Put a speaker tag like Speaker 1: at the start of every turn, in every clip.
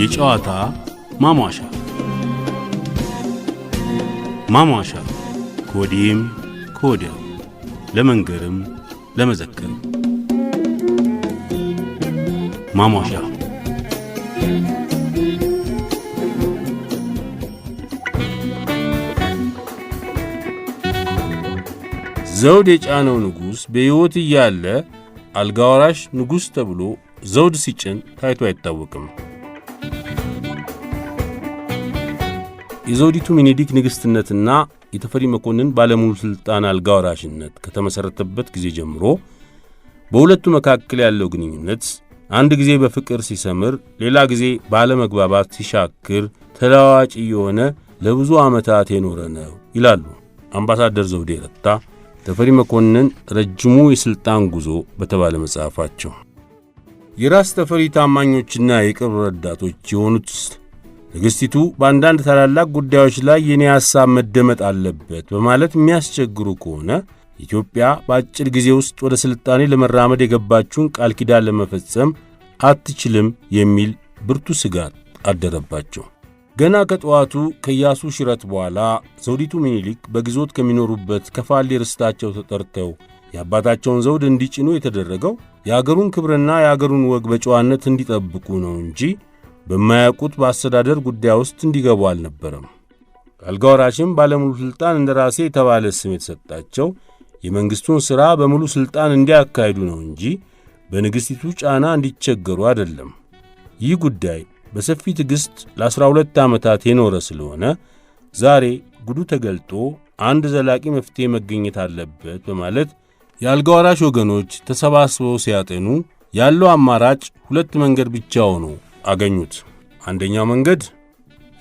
Speaker 1: የጨዋታ ማሟሻ ማሟሻ ከወዲህም ከወዲያው ለመንገርም ለመዘከርም ማሟሻ ዘውድ የጫነው ንጉሥ በሕይወት እያለ አልጋ ወራሽ ንጉሥ ተብሎ ዘውድ ሲጭን ታይቶ አይታወቅም። የዘውዲቱ ሚኒሊክ ንግሥትነትና የተፈሪ መኮንን ባለሙሉ ሥልጣን አልጋ ወራሽነት ከተመሠረተበት ጊዜ ጀምሮ በሁለቱ መካከል ያለው ግንኙነት አንድ ጊዜ በፍቅር ሲሰምር፣ ሌላ ጊዜ ባለመግባባት ሲሻክር ተለዋዋጭ የሆነ ለብዙ ዓመታት የኖረ ነው ይላሉ አምባሳደር ዘውዴ ረታ ተፈሪ መኮንን ረጅሙ የሥልጣን ጉዞ በተባለ መጽሐፋቸው የራስ ተፈሪ ታማኞችና የቅርብ ረዳቶች የሆኑት ንግሥቲቱ በአንዳንድ ታላላቅ ጉዳዮች ላይ የኔ ሐሳብ መደመጥ አለበት በማለት የሚያስቸግሩ ከሆነ ኢትዮጵያ በአጭር ጊዜ ውስጥ ወደ ሥልጣኔ ለመራመድ የገባችውን ቃል ኪዳን ለመፈጸም አትችልም የሚል ብርቱ ስጋት አደረባቸው። ገና ከጠዋቱ ከኢያሱ ሽረት በኋላ ዘውዲቱ ሚኒሊክ በግዞት ከሚኖሩበት ከፋሌ ርስታቸው ተጠርተው የአባታቸውን ዘውድ እንዲጭኑ የተደረገው የአገሩን ክብርና የአገሩን ወግ በጨዋነት እንዲጠብቁ ነው እንጂ በማያውቁት በአስተዳደር ጉዳይ ውስጥ እንዲገቡ አልነበረም። አልጋ ወራሽም ባለሙሉ ሥልጣን እንደ ራሴ የተባለ ስም የተሰጣቸው የመንግሥቱን ሥራ በሙሉ ሥልጣን እንዲያካሂዱ ነው እንጂ በንግሥቲቱ ጫና እንዲቸገሩ አይደለም። ይህ ጉዳይ በሰፊ ትዕግሥት ለ12 ዓመታት የኖረ ስለሆነ ዛሬ ጉዱ ተገልጦ አንድ ዘላቂ መፍትሔ መገኘት አለበት በማለት የአልጋ ወራሽ ወገኖች ተሰባስበው ሲያጠኑ ያለው አማራጭ ሁለት መንገድ ብቻ ሆኖ አገኙት። አንደኛው መንገድ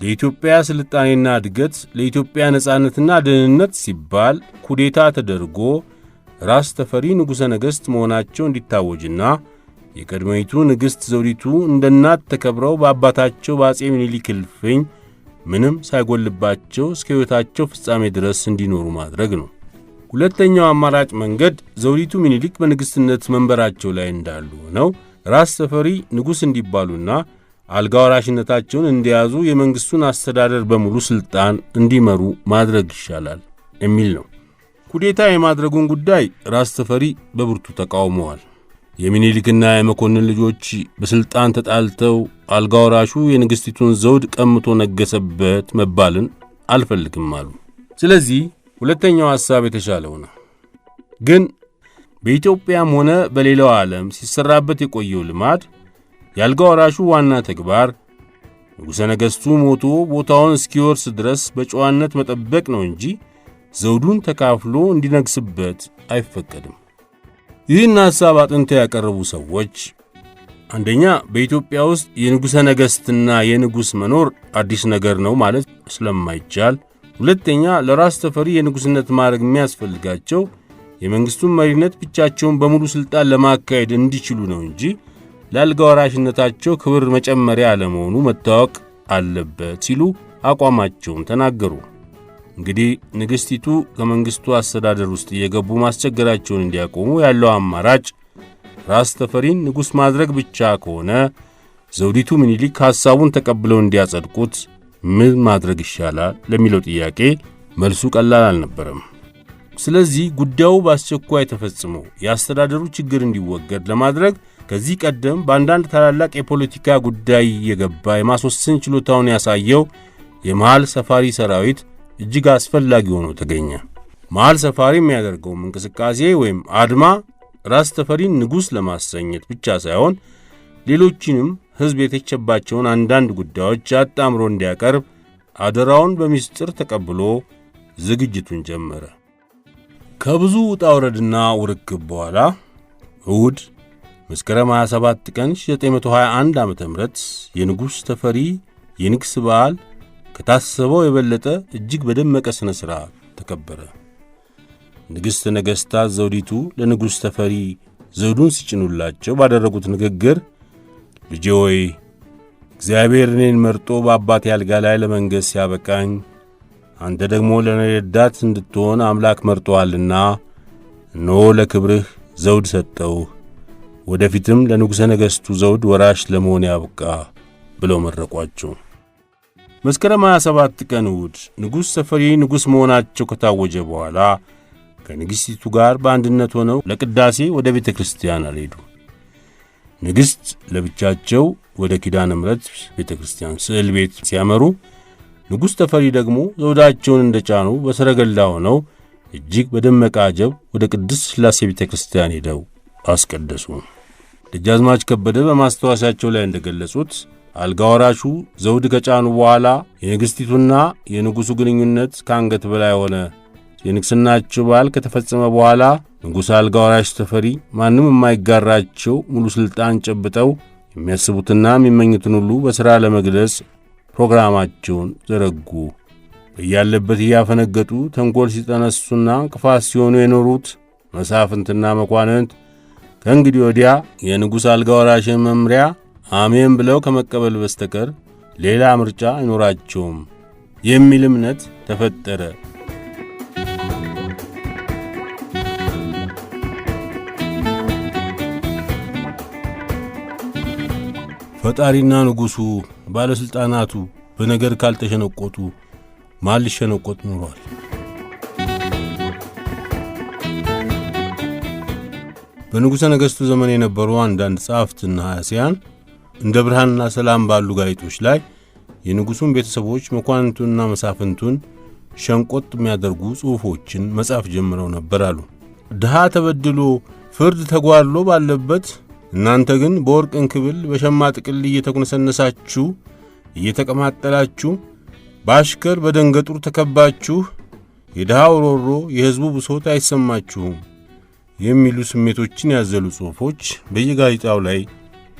Speaker 1: ለኢትዮጵያ ስልጣኔና እድገት ለኢትዮጵያ ነጻነትና ደህንነት ሲባል ኩዴታ ተደርጎ ራስ ተፈሪ ንጉሠ ነገሥት መሆናቸው እንዲታወጅና የቀድሞይቱ ንግሥት ዘውዲቱ እንደ እናት ተከብረው በአባታቸው በአጼ ምኒልክ እልፍኝ ምንም ሳይጎልባቸው እስከ ሕይወታቸው ፍጻሜ ድረስ እንዲኖሩ ማድረግ ነው። ሁለተኛው አማራጭ መንገድ ዘውዲቱ ምኒልክ በንግሥትነት መንበራቸው ላይ እንዳሉ ሆነው ራስ ተፈሪ ንጉሥ እንዲባሉና አልጋ ወራሽነታቸውን እንዲያዙ የመንግሥቱን አስተዳደር በሙሉ ሥልጣን እንዲመሩ ማድረግ ይሻላል የሚል ነው። ኩዴታ የማድረጉን ጉዳይ ራስ ተፈሪ በብርቱ ተቃውመዋል። የሚኒሊክና የመኮንን ልጆች በሥልጣን ተጣልተው አልጋ ወራሹ የንግሥቲቱን ዘውድ ቀምቶ ነገሰበት መባልን አልፈልግም አሉ። ስለዚህ ሁለተኛው ሐሳብ የተሻለው ነው። ግን በኢትዮጵያም ሆነ በሌላው ዓለም ሲሠራበት የቆየው ልማድ የአልጋ ወራሹ ዋና ተግባር ንጉሠ ነገሥቱ ሞቶ ቦታውን እስኪወርስ ድረስ በጨዋነት መጠበቅ ነው እንጂ ዘውዱን ተካፍሎ እንዲነግስበት አይፈቀድም። ይህን ሐሳብ አጥንተው ያቀረቡ ሰዎች አንደኛ በኢትዮጵያ ውስጥ የንጉሠ ነገሥትና የንጉሥ መኖር አዲስ ነገር ነው ማለት ስለማይቻል፣ ሁለተኛ ለራስ ተፈሪ የንጉሥነት ማዕረግ የሚያስፈልጋቸው የመንግሥቱን መሪነት ብቻቸውን በሙሉ ሥልጣን ለማካሄድ እንዲችሉ ነው እንጂ ለአልጋ ወራሽነታቸው ክብር መጨመሪያ አለመሆኑ መታወቅ አለበት ሲሉ አቋማቸውን ተናገሩ። እንግዲህ ንግሥቲቱ ከመንግሥቱ አስተዳደር ውስጥ እየገቡ ማስቸገራቸውን እንዲያቆሙ ያለው አማራጭ ራስ ተፈሪን ንጉሥ ማድረግ ብቻ ከሆነ ዘውዲቱ ምኒልክ ሐሳቡን ተቀብለው እንዲያጸድቁት ምን ማድረግ ይሻላል ለሚለው ጥያቄ መልሱ ቀላል አልነበረም። ስለዚህ ጉዳዩ በአስቸኳይ ተፈጽሞ የአስተዳደሩ ችግር እንዲወገድ ለማድረግ ከዚህ ቀደም በአንዳንድ ታላላቅ የፖለቲካ ጉዳይ እየገባ የማስወሰን ችሎታውን ያሳየው የመሃል ሰፋሪ ሰራዊት እጅግ አስፈላጊ ሆኖ ተገኘ። መሀል ሰፋሪ የሚያደርገውም እንቅስቃሴ ወይም አድማ ራስ ተፈሪን ንጉሥ ለማሰኘት ብቻ ሳይሆን ሌሎችንም ሕዝብ የተቸባቸውን አንዳንድ ጉዳዮች አጣምሮ እንዲያቀርብ አደራውን በሚስጥር ተቀብሎ ዝግጅቱን ጀመረ። ከብዙ ውጣ ውረድና ውርክብ በኋላ እሁድ መስከረም 27 ቀን 921 ዓ ም የንጉሥ ተፈሪ የንግሥ በዓል ከታሰበው የበለጠ እጅግ በደመቀ ሥነ ሥርዓት ተከበረ። ንግሥተ ነገሥታት ዘውዲቱ ለንጉሥ ተፈሪ ዘውዱን ሲጭኑላቸው ባደረጉት ንግግር ልጄ ሆይ እግዚአብሔር እኔን መርጦ በአባቴ አልጋ ላይ ለመንገሥ ሲያበቃኝ አንተ ደግሞ ለነረዳት እንድትሆን አምላክ መርጦአልና እነሆ ለክብርህ ዘውድ ሰጠው ወደፊትም ለንጉሠ ነገሥቱ ዘውድ ወራሽ ለመሆን ያብቃ ብለው መረቋቸው። መስከረም 27 ቀን እሁድ ንጉሥ ሰፈሪ ንጉሥ መሆናቸው ከታወጀ በኋላ ከንግሥቲቱ ጋር በአንድነት ሆነው ለቅዳሴ ወደ ቤተ ክርስቲያን አልሄዱ። ንግሥት ለብቻቸው ወደ ኪዳነ ምሕረት ቤተ ክርስቲያን ስዕል ቤት ሲያመሩ፣ ንጉሥ ተፈሪ ደግሞ ዘውዳቸውን እንደ ጫኑ በሰረገላ ሆነው እጅግ በደመቀ አጀብ ወደ ቅድስት ሥላሴ ቤተ ክርስቲያን ሄደው አስቀደሱ። ደጃዝማች ከበደ በማስታወሻቸው ላይ እንደገለጹት አልጋ ወራሹ ዘውድ ከጫኑ በኋላ የንግሥቲቱና የንጉሡ ግንኙነት ከአንገት በላይ ሆነ። የንግሥናቸው በዓል ከተፈጸመ በኋላ ንጉሥ አልጋ ወራሽ ተፈሪ ማንም የማይጋራቸው ሙሉ ሥልጣን ጨብጠው የሚያስቡትና የሚመኙትን ሁሉ በሥራ ለመግለጽ ፕሮግራማቸውን ዘረጉ። በያለበት እያፈነገጡ ተንኮል ሲጠነሱና ቅፋት ሲሆኑ የኖሩት መሳፍንትና መኳንንት ከእንግዲህ ወዲያ የንጉሥ አልጋ ወራሽን መምሪያ አሜን ብለው ከመቀበል በስተቀር ሌላ ምርጫ አይኖራቸውም የሚል እምነት ተፈጠረ። ፈጣሪና ንጉሡ ባለሥልጣናቱ በነገር ካልተሸነቆጡ ማን ሊሸነቆጥ ኖሯል? በንጉሠ ነገሥቱ ዘመን የነበሩ አንዳንድ ጸሐፍትና ሐያሲያን እንደ ብርሃንና ሰላም ባሉ ጋዜጦች ላይ የንጉሡን ቤተሰቦች መኳንንቱንና መሳፍንቱን ሸንቆጥ የሚያደርጉ ጽሑፎችን መጻፍ ጀምረው ነበር አሉ። ድሃ ተበድሎ ፍርድ ተጓድሎ ባለበት እናንተ ግን በወርቅ እንክብል በሸማ ጥቅል እየተኩነሰነሳችሁ እየተቀማጠላችሁ በአሽከር በደንገጡር ተከባችሁ የድሃው ሮሮ የሕዝቡ ብሶት አይሰማችሁም የሚሉ ስሜቶችን ያዘሉ ጽሑፎች በየጋዜጣው ላይ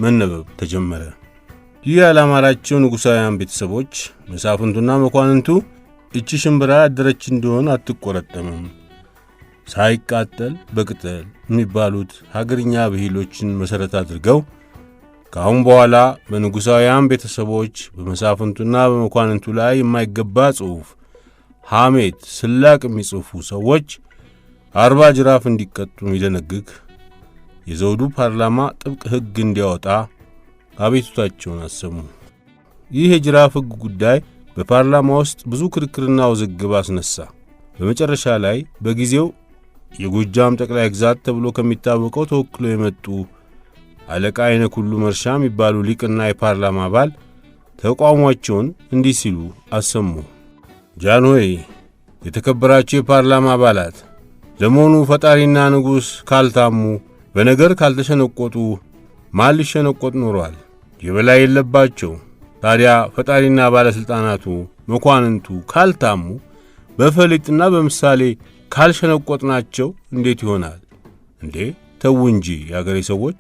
Speaker 1: መነበብ ተጀመረ። ይህ ያላማራቸው ንጉሣውያን ቤተሰቦች መሳፍንቱና መኳንንቱ እቺ ሽምብራ ያደረች እንደሆን አትቆረጠምም፣ ሳይቃጠል በቅጠል የሚባሉት ሀገርኛ ብሂሎችን መሠረት አድርገው ከአሁን በኋላ በንጉሣውያን ቤተሰቦች በመሳፍንቱና በመኳንንቱ ላይ የማይገባ ጽሑፍ፣ ሐሜት፣ ስላቅ የሚጽፉ ሰዎች አርባ ጅራፍ እንዲቀጡ የሚደነግግ የዘውዱ ፓርላማ ጥብቅ ሕግ እንዲያወጣ አቤቱታቸውን አሰሙ። ይህ የጅራፍ ሕግ ጉዳይ በፓርላማ ውስጥ ብዙ ክርክርና ውዝግብ አስነሳ። በመጨረሻ ላይ በጊዜው የጎጃም ጠቅላይ ግዛት ተብሎ ከሚታወቀው ተወክሎ የመጡ አለቃ አይነ ሁሉ መርሻ የሚባሉ ሊቅና የፓርላማ አባል ተቃውሟቸውን እንዲህ ሲሉ አሰሙ። ጃንሆይ፣ የተከበራችሁ የፓርላማ አባላት፣ ለመሆኑ ፈጣሪና ንጉሥ ካልታሙ በነገር ካልተሸነቆጡ ማን ሊሸነቆጥ ኖሯል? የበላይ የለባቸው። ታዲያ ፈጣሪና ባለሥልጣናቱ መኳንንቱ ካልታሙ በፈሊጥና በምሳሌ ካልሸነቆጥናቸው እንዴት ይሆናል እንዴ? ተዉ እንጂ የአገሬ ሰዎች።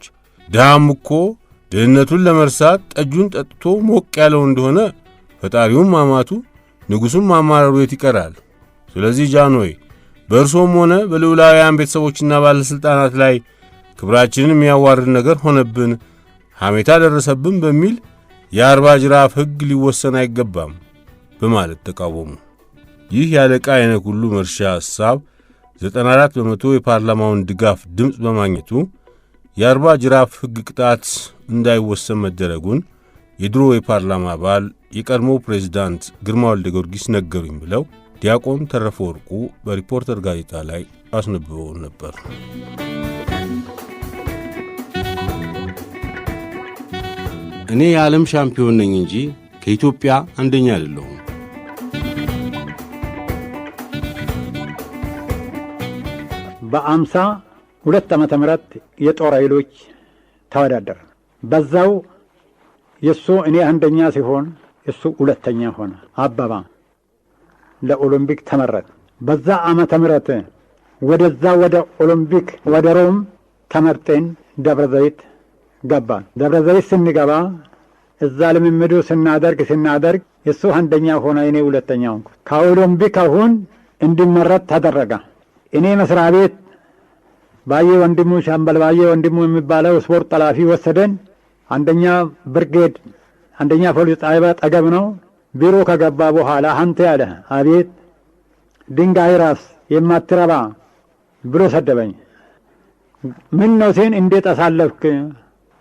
Speaker 1: ድሃም እኮ ድህነቱን ለመርሳት ጠጁን ጠጥቶ ሞቅ ያለው እንደሆነ ፈጣሪውም ማማቱ ንጉሡም ማማረሩ የት ይቀራል? ስለዚህ ጃንሆይ በእርሶም ሆነ በልዑላውያን ቤተሰቦችና ባለሥልጣናት ላይ ክብራችንን የሚያዋርድ ነገር ሆነብን፣ ሐሜታ ደረሰብን በሚል የአርባ ጅራፍ ሕግ ሊወሰን አይገባም በማለት ተቃወሙ። ይህ ያለቃ አይነት ሁሉ መርሻ ሐሳብ 94 በመቶ የፓርላማውን ድጋፍ ድምፅ በማግኘቱ የአርባ ጅራፍ ሕግ ቅጣት እንዳይወሰን መደረጉን የድሮ የፓርላማ አባል የቀድሞ ፕሬዚዳንት ግርማ ወልደ ጊዮርጊስ ነገሩኝ ብለው ዲያቆን ተረፈ ወርቁ በሪፖርተር ጋዜጣ ላይ አስነብበውን ነበር። እኔ የዓለም ሻምፒዮን ነኝ እንጂ ከኢትዮጵያ አንደኛ አይደለሁም። በአምሳ ሁለት ዓመተ ምህረት የጦር ኃይሎች ተወዳደረ። በዛው የእሱ እኔ አንደኛ ሲሆን እሱ ሁለተኛ ሆነ። አበባ ለኦሎምፒክ ተመረጠ። በዛ ዓመተ ምህረት ወደዛ ወደ ኦሎምፒክ ወደ ሮም ተመርጤን ደብረ ዘይት ገባን። ደብረ ዘይት ስንገባ እዛ ልምምዱ ስናደርግ ስናደርግ እሱ አንደኛ ሆነ፣ እኔ ሁለተኛ ሆንኩ። ከኦሎምፒክ አሁን እንዲመረጥ ተደረገ። እኔ መስሪያ ቤት ባየ ወንድሙ ሻምበል ባየ ወንድሙ የሚባለው ስፖርት ጠላፊ ወሰደን። አንደኛ ብርጌድ አንደኛ ፖሊስ ጣቢያ ጠገብ ነው። ቢሮ ከገባ በኋላ አንተ ያለ አቤት ድንጋይ ራስ የማትረባ ብሎ ሰደበኝ። ምን ነው ሴን እንዴት አሳለፍክ?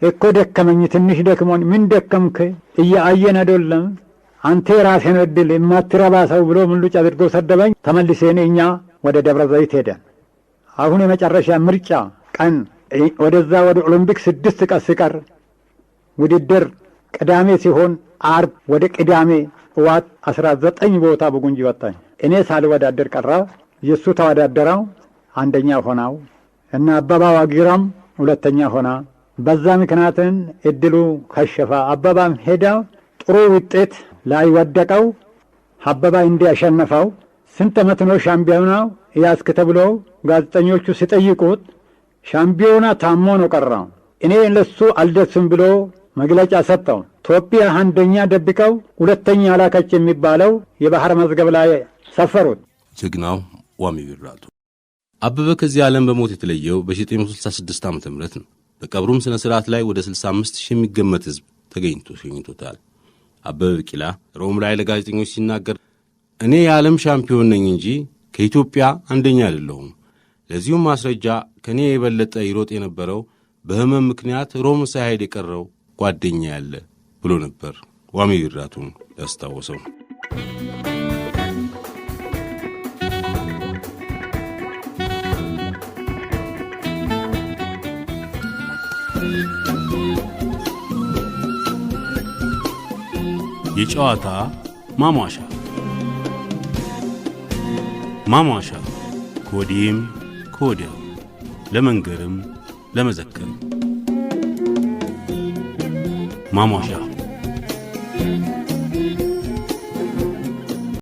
Speaker 1: እኮ ደከመኝ፣ ትንሽ ደክሞኝ፣ ምን ደከምክ እያአየን አይደለም አንተ የራሴን እድል የማትረባ ሰው ብሎ ምንሉጭ አድርጎ ሰደበኝ። ተመልሴን እኛ ወደ ደብረ ዘይት ሄደን አሁን የመጨረሻ ምርጫ ቀን ወደዛ ወደ ኦሎምፒክ ስድስት ቀን ሲቀር ውድድር ቅዳሜ ሲሆን አርብ ወደ ቅዳሜ እዋት አስራ ዘጠኝ ቦታ በጉንጂ ወጣኝ። እኔ ሳልወዳደር ቀራ። የእሱ ተወዳደረው አንደኛ ሆናው እና አበባ ዋጊራም ሁለተኛ ሆና በዛ ምክንያትን እድሉ ከሸፈ። አበባም ሄደው ጥሩ ውጤት ላይ ወደቀው። አበባ እንዲህ ስንት ዓመት ነው ሻምፒዮናው እያስክ ተብሎ ጋዜጠኞቹ ሲጠይቁት ሻምፒዮና ታሞ ነው ቀራው፣ እኔ ለሱ አልደርስም ብሎ መግለጫ ሰጠው። ኢትዮጵያ አንደኛ ደብቀው ሁለተኛ ላከች የሚባለው የባህር መዝገብ ላይ ሰፈሩት።
Speaker 2: ጀግናው ዋሚ ቢራቱ አበበ ከዚህ ዓለም በሞት የተለየው በ966 ዓ ም ነው። በቀብሩም ሥነ ሥርዓት ላይ ወደ 65 ሺህ የሚገመት ሕዝብ ተገኝቶ ሸኝቶታል። አበበ ቢቂላ ሮም ላይ ለጋዜጠኞች ሲናገር እኔ የዓለም ሻምፒዮን ነኝ እንጂ ከኢትዮጵያ አንደኛ አይደለሁም። ለዚሁም ማስረጃ ከእኔ የበለጠ ይሮጥ የነበረው በሕመም ምክንያት ሮም ሳይሄድ የቀረው ጓደኛ ያለ ብሎ ነበር ዋሚ ቢራቱን ያስታወሰው።
Speaker 3: የጨዋታ ማሟሻ ማሟሻ ከወዲህም ከወዲያው ለመንገርም ለመዘከርም ማሟሻ